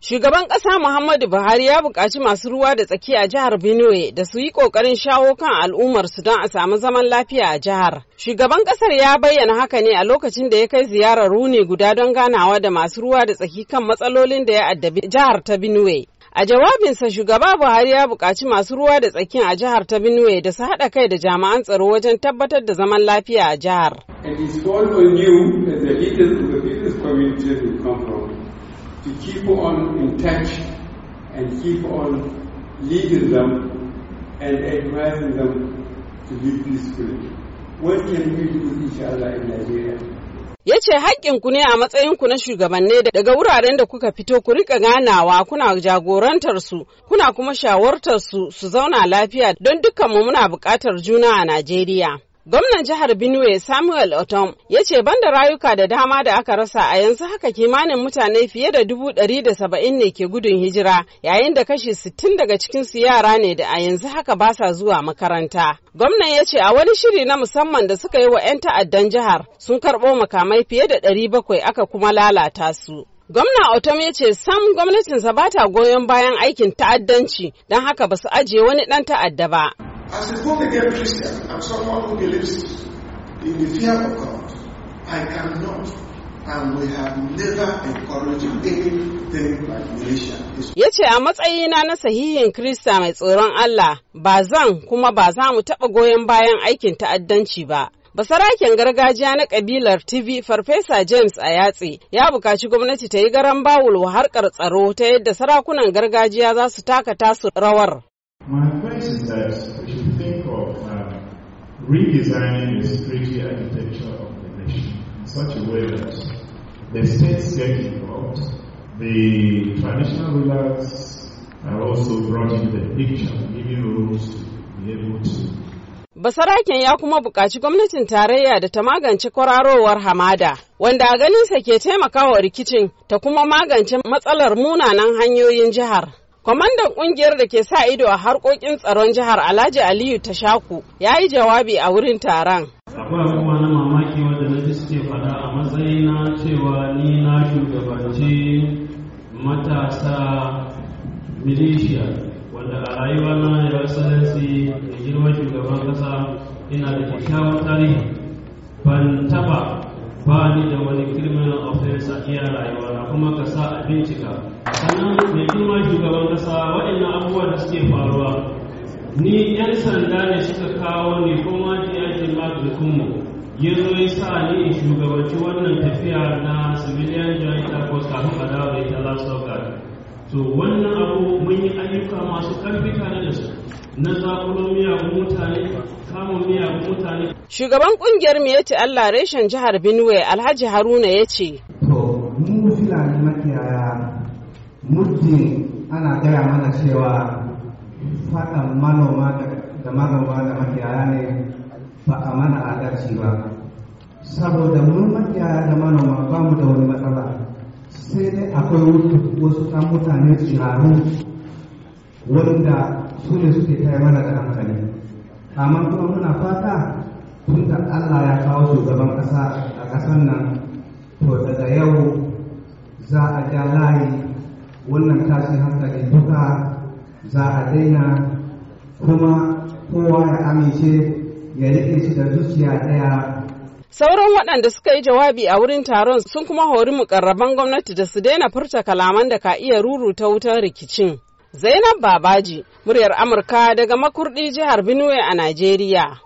Shugaban ƙasa Muhammadu Buhari ya buƙaci masu ruwa da tsaki a jihar Benue da su yi ƙoƙarin shawo kan al'ummarsu don a samu zaman lafiya a jihar. Shugaban ƙasar ya bayyana haka ne a lokacin da ya kai ziyarar runi guda don ganawa da masu ruwa da tsaki kan matsalolin da ya addabi jihar ta Benue. A jawabinsa shugaba Buhari ya buƙaci masu ruwa da tsakin a jihar ta Benue da su haɗa kai da jami'an tsaro wajen tabbatar da zaman lafiya a jihar. Yace on in touch and keep on leading them and advising them to be peaceful. What can we do with each other in Nigeria? ya ce haƙƙinku ne a matsayinku na shugabanni daga wuraren da kuka fito ku rika ganawa kuna jagorantar su kuna kuma shawartar su su zauna lafiya don dukkanmu muna buƙatar juna a Najeriya. Gwamnan jihar Benue Samuel Otom ya ce banda rayuka da dama da aka rasa a yanzu haka kimanin mutane fiye da dubu ɗari da saba'in ne ke gudun hijira yayin da kashi sittin daga cikinsu yara ne da a yanzu haka ba sa zuwa makaranta. Gwamnan ya ce a wani shiri na musamman da suka yi wa 'yan ta'addan jihar sun karɓo makamai fiye da ɗari bakwai aka kuma lalata su. Gwamna Otom ya ce sam gwamnatinsa ba ta goyon bayan aikin ta'addanci don haka ba su ajiye wani ɗan ta'adda ba. As a born again Christian, I'm someone who believes in the fear of God. I cannot and we have never encouraged anything like militia. Ya ce a matsayina na sahihin Krista mai tsoron Allah ba zan kuma ba za mu taɓa goyon bayan aikin ta'addanci ba. Basaraken gargajiya na kabilar TV Farfesa James a yatse ya bukaci gwamnati ta yi garan bawul wa harkar tsaro ta yadda sarakunan gargajiya za su taka tasu rawar. My advice is that we should think of um, redesigning the security architecture of the nation in such a way that the states get involved, the traditional rulers are also brought into the picture, giving rules to be able to Basaraken ya kuma buƙaci gwamnatin tarayya da ta magance kwararowar hamada, wanda a ganinsa ke taimakawa rikicin ta kuma magance matsalar munanan hanyoyin jihar. Kwamandan ƙungiyar da ke sa ido a harkokin tsaron jihar Alhaji Aliyu Tashaku ya yi jawabi a wurin taron. Akwai abubuwa na mamaki wanda na ji suke faɗa a na cewa ni na shugabance matasa milishiya wanda a rayuwa na ya sanarci da girma shugaban kasa ina da kyakkyawan tarihi ban taba ba ni da wani kirmin iya rayuwa na kuma ka sa a bincika sannan mai kuma shugaban kasa waɗannan abubuwa da suke faruwa ni yan sanda ne suka kawo ne kuma ji ake magulkunmu ya zo ya sa ni in shugabanci wannan tafiya na civilian joint air force kafin a dawo da ita last to wannan abu mun yi ayyuka masu karfi tare da su na zakulo miyagun mutane Shugaban kungiyar mu ya ce Allah reshen jihar Benue Alhaji Haruna ya ce mu filani makiyaya muddin ana gaya mana cewa faɗan manoma da manoma da makiyaya ne ba a mana adalci ba saboda mun makiyaya da manoma ba mu da wani matsala sai dai akwai wasu ɗan mutane tsiraru wanda su ne suke kai mana da hankali amma kuma muna fata tun da allah ya kawo shugaban ƙasa a ƙasar nan to daga yau za a ja layi wannan tashin hankali duka za a daina kuma kowa ya amince ya riƙe shi da zuciya ɗaya Sauran waɗanda suka yi jawabi a wurin taron sun kuma hori mukarraban gwamnati da su daina furta kalaman da ka iya ta wutar rikicin. Zainab Babaji, muryar Amurka daga makurdi jihar Benue a Najeriya.